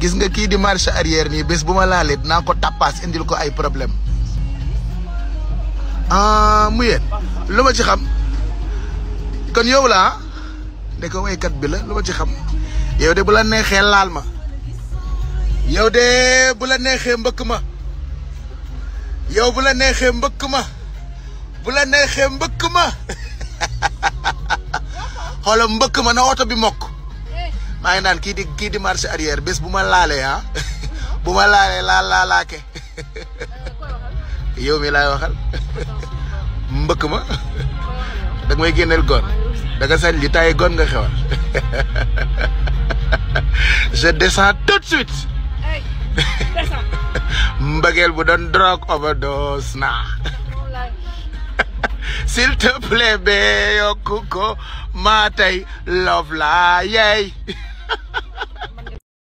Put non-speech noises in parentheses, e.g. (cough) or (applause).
gis nga ki di marche arrière ni bes buma lalé dina ko tapas indil ko ay problème ah mu luma ci xam kon yow la de ko kat bi la luma ci xam yow de bula nexé neexee ma yow de bula nexé mbeuk ma yow bula nexé mbeuk ma bula nexé mbeuk ma (laughs) xolam mbeuk ma na auto bi mok maa nan ki di ki di marche arrière bes buma lalé ha ah. (laughs) buma lalé la la la laa (laughs) yow mi lay waxal (laughs) mbeuk ma da ngay génneel gon da nga sañ li tay gon nga xewal je descends tout de suite mbëggeel bu don drogue overdose na s'il te plaît be yo kuko, maa love laa yeey